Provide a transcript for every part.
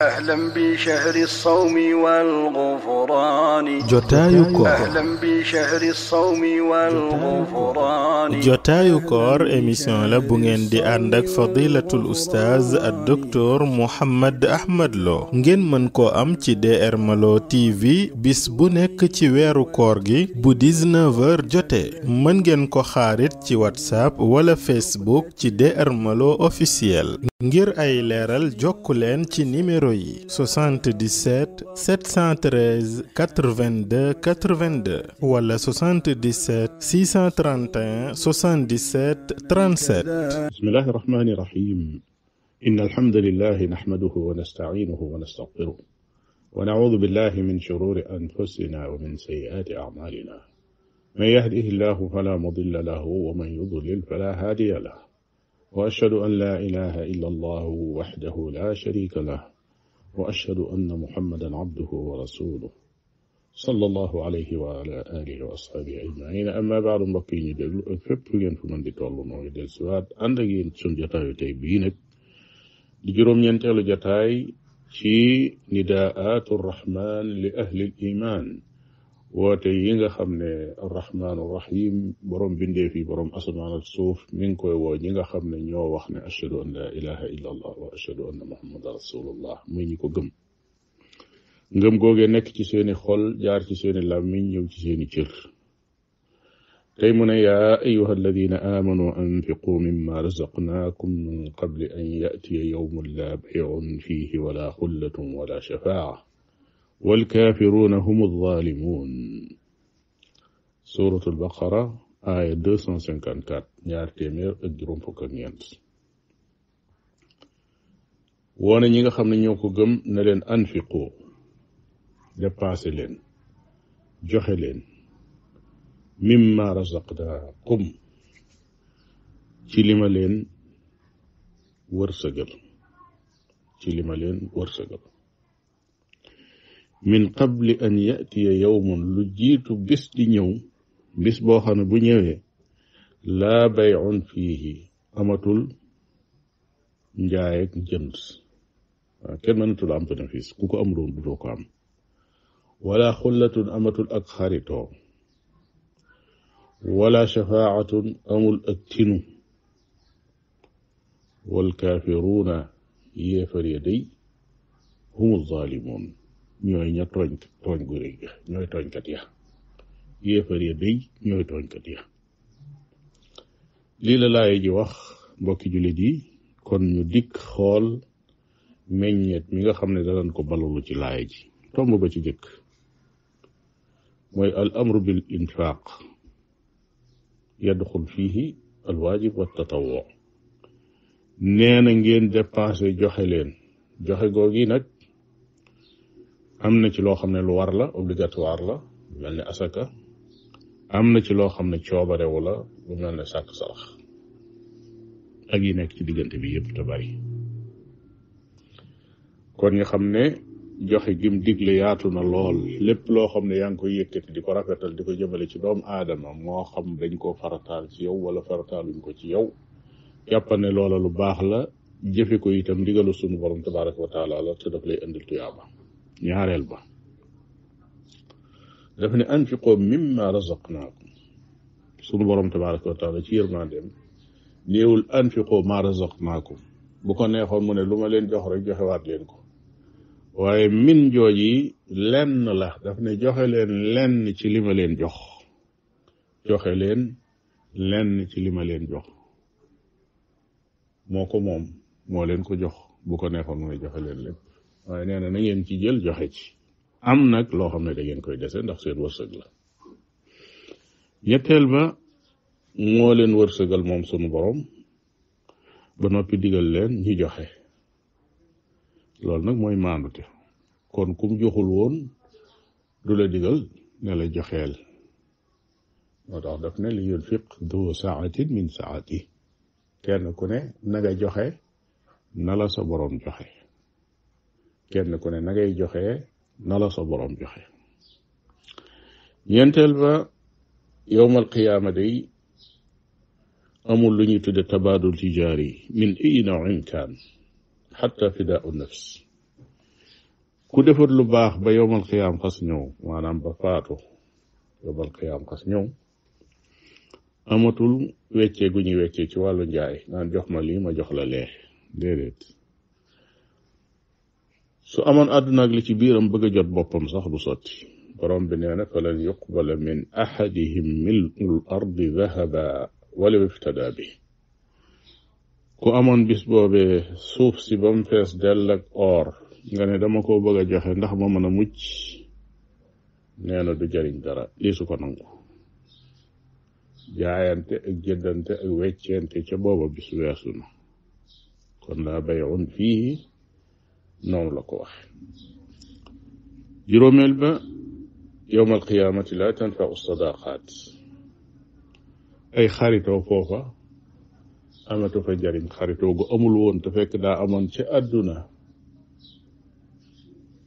ahlan bi shahri jotaayu koor ahlan émission la bu ngeen di ànd ak fadilatul ustaaz ak docteur Mouhammad Ahmad ngeen mën koo am ci DR Malo TV bis bu nekk ci weeru koor gi bu 19h jotee mën ngeen ko xaarit ci whatsapp wala facebook ci DR Malo officiel ngir ay leeral jokku leen ci numéro yi 77 713 82 82 wala 77 631 77 37 bismillahi rahmani rahim inna alhamdulillahi nahmaduhu wa nasta'inuhu wa nastaghfiruh wa na'udhu billahi min shururi anfusina wa min sayyiati a'malina man yahdihillahu fala mudilla وأشهد أن لا إله إلا الله وحده لا شريك له وأشهد أن محمدا عبده ورسوله صلى الله عليه وعلى آله وأصحابه أجمعين أما بعد mbokk yi ñu déglu ak fépp ngeen fu mën di toll noo ngi del siwaat ànd ak yéen suñu jotaayu tey bii nag di juróom-ñeenteelu jotaay ci nidaatu rahman li ahli l iman woote yi nga xam ne arrahmaanu rahim borom bindeef yi borom asamaan ak suuf mi ngi koy woo ñi nga xam ne ñoo wax ne ashhadu an la ilaha illa allah wa ashhadu anna muhammadan rasulullah muy ñi ko gëm ngëm googee nekk ci seeni xol jaar ci seeni làmmiñ ñëw ci seeni cër tey mu ne yaa ayuha alladina aamanu anfiqu mimma razaqnaakum min qabli an yatiya yawmun la bayun fihi wala xullatun wala shafaa walkaafiruuna hum alzaalimuun suuratul baqara aaya deux cent cinquante quatre ñaar téeméer ak juróom fukk ak ñeent ñi nga xam ne ñoo ko gëm ne leen anfiqu dépassé leen joxe leen mimma razaqnaakum ci lima leen wërsëgal ci li leen wërsëgal min qabli an yatiya yawmun lu jiitu bis di ñëw bis boo xam ne bu ñëwe laa bayun fiihi amatul njaay ak jënd waaw kenn mënatul am bénéfice ku ko amuloon du doo wala xullatun amatul ak xaritoo wala shafaatun amul ak tinu walkaafiruuna yéefar ya day humu zaalimuun ñooy ña tooñ tooñ gu rëy ñooy tooñkat ya yéefar ya day ñooy tooñkat ya lii la laay ji wax mbokki jullit yi kon ñu dikk xool meññeet mi nga xam ne danañ ko balalu ci laay ji tomb ba ci jëkk mooy al amru bil infaq yadxul fiihi al waajib wa tatawwu nee ngeen dépensé joxe leen joxe googi nag am na ci loo xam ne lu war la obligatoire la lu mel ne asaka am na ci loo xam ne coobarewu la lu mel ne sàkk salax ak yi nekk ci diggante bi yëpp te bari kon ñu xam ne joxe gim digle yaatu na lool lép loo xam ne yaa ngi koy yëkkati di ko rafetal di ko jëmale ci doom aadama moo xam dañ koo farataal ci yow wala farataaluñ ko ci yow jàpp ne loola lu baax la jëfe ko itam ndigalu sunu borom tabaraka wa taala la te daf lay indil tuyaaba ñaareel ba daf ne anfiqoo mimma razaqnaakum sunu borom tabaraka wa taala ci yërmandeem néewul anfiqoo ma razaqnaakum bu ko neexoon mu ne lu ma leen jox rek joxewaat leen ko waaye min jooji lenn la daf ne joxe leen lenn ci li ma leen jox joxe leen lenn ci li ma leen jox moo ko moom moo leen ko jox bu ko neexoon mu ne joxe leen lépp waaye nee na na ngeen ci jël joxe ci am nag loo xam ne dangeen koy dese ndax seen wërsëg la ñetteel ba moo leen wërsëgal moom sunu borom ba noppi digal leen ñi joxe loolu nag mooy maandute kon kum joxul woon du la digal ne la joxeel moo tax daf ne li yunfiq du saatin min saati kenn ku ne na joxe na la sa borom joxe kenn ku ne na ngay joxe na la boroom joxe ñeenteel ba yowmal qiyaama day amul lu ñuy tudde tabaadul tijaari min ay nawin kaan xatta fidaau nafs ku defat lu baax ba yowmal qiyaam xas ñëw maanaam ba faatu yowmal qiyaam xas ñëw amatul wecce gu ñuy weccee ci wàllu njaay naan jox ma lii ma jox la lee su amoon àdduna ak li ci biiram bëgg a jot boppam sax du sotti borom bi nee falan yuqbala min ahadihim milul ardi dahaba walaw iftada bi ku amoon bis boobee suuf si ba fees dell or nga ne dama ko bëgg a joxe ndax ma mën a mucc nee na du jariñ dara lii su ko nangu jaayante ak jëddante ak weccente ca booba bis weesu na kon laa bayun fii noonu la ko wax juróomeel ba yowm alqiyaamati la tanfau sadaqaat ay xaritoo foofa amatu fa jariñ xaritoo gu amul woon te fekk daa amoon ci àdduna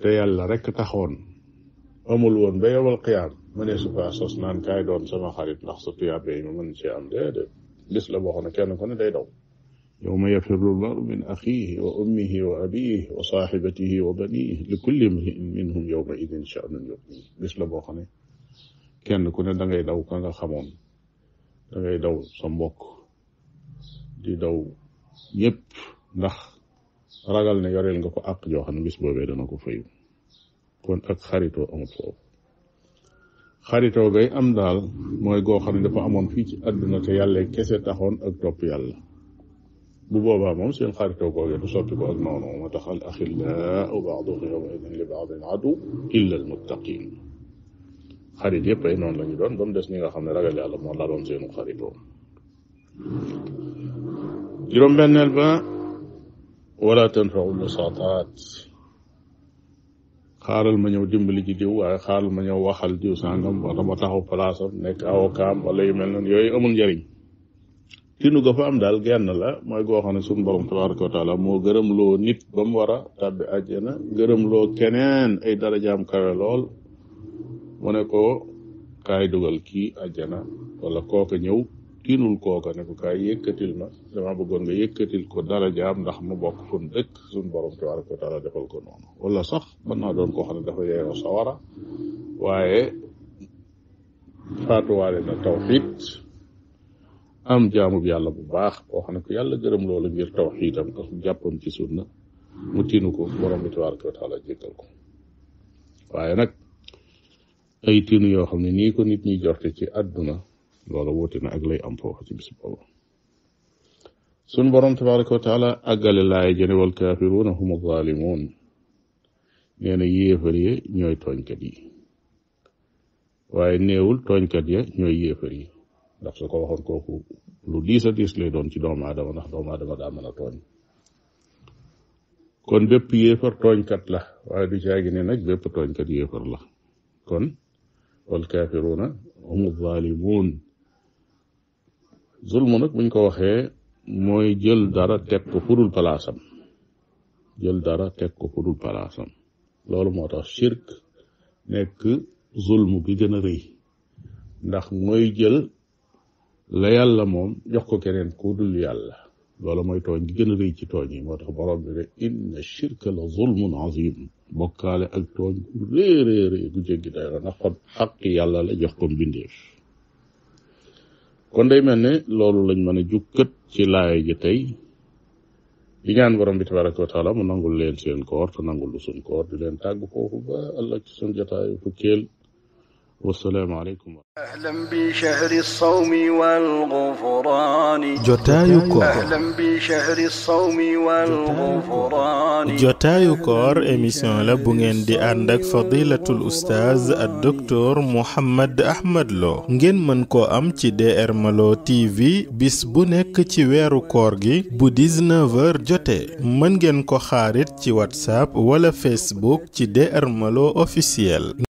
te yàlla rek taxoon amul woon ba yowal qiyaam ma ne su fa doon sama xarit ndax su tuyaabee ma mën ci am déedéet bis la boo xam ne kenn ku ne day daw yawma yafirru al-mar'u min akhiihi wa ummihi wa abiihi wa saahibatihi wa baniihi li kulli imri'in minhum yawma idin sha'nun yughniihi bis la boo xam ne kenn ku ne dangay daw ka nga xamoon da daw sa mbokk di daw ñëpp ndax ragal ne yoreel nga ko àq joo xam ne bis boobee dana ko fayu kon ak xaritoo amut foofu xaritoo gay am daal mooy goo xam ne dafa amoon fii ci àdduna te yàlla kese taxoon ak topp yàlla bu boobaa moom seen xaritoo googee du soppi ko ak noonu moo tax al axillaau baaduhum yawmaidin li baadin ay noonu la doon ba mu des ñi nga xam ne ragal yàlla moo laloon seenu xaritoo juróom-benneel ba wala tanfau musaataat xaaral ma ñëw dimbali ji diw waaye xaaral ma ñëw waxal diw sàngam wala ma taxaw palaasam nekk avocat wala yu mel noonu yooyu amul njëriñ tinu ga fa am daal genn la mooy goo xam ne suñu borom tabaraka wa taala moo gërëm loo nit ba mu war a tàbbi àjjana gërëm loo keneen ay darajaam kawe lool mu ne ko kaay dugal kii àjjana wala kooka ñëw tiinul kooka ne ko kaay yëkkatil ma dama bëggoon nga yëkkatil ko darajaam ndax mu bokk fun dëkk suñu borom tabaraka wa taala defal ko noonu wala sax ma naa doon koo xam ne dafa yeeyoo sawara waaye faatuwaale na tawxiid am jamu yàlla bu baax koo xam ne ko yàlla gërëm loola ngir tawxiidam ak jàppam ci sunna mu tiinu ko borom bi tabaraka wa taala nag ay tiinu yoo xam ne nii ko nit ñi ci àdduna loola wóote na ak lay am foofu ci bis boobu sun borom tabaraka wa taala àggale laay jëne wal kaafiruuna yi ñooy tooñkat yi waaye néewul tooñkat ya ñooy yéefar yi ndax su ko waxoon lu diis a diis lay doon ci doomu aadama ndax doomu aadama daa mën a tooñ kon bépp yéefar tooñkat la waaye du caagi ne nag bépp tooñkat yéefar la kon wal kaafiruuna humu zaalimuun zulmu nag buñ ko waxee mooy jël dara teg ko fudul palaasam jël dara teg ko fudul palaasam loolu moo tax shirk nekk zulmu bi gën rëy ndax mooy jël la yàlla moom jox ko keneen ku dul yàlla loolu mooy tooñ gi gën a ci tooñ yi moo tax borom bi inna shirka la zulmun azim bokkaale ak tooñ gu réerée gu jéggi day xaq yàlla la jox ko mbindeef kon day mel ne loolu lañ mën a jukkat ci laaya ji tey di ñaan borom bi tabaraka wa taala mu nangul leen seen koor te nangul lu suñ koor di leen tàgg foofu ba ëllëg ci suñ jotaayu fukkeel wasalaamu aleykum bi shahri sawmi jotaayu koor émission la bu ngeen di ànd ak fadilatul ustaaz ak docteur Mouhammad Ahmad ngeen mën koo am ci DR Malo TV bis bu nekk ci weeru koor gi bu 19 jote mën ngeen ko xaarit ci whatsapp wala facebook ci DR Malo officiel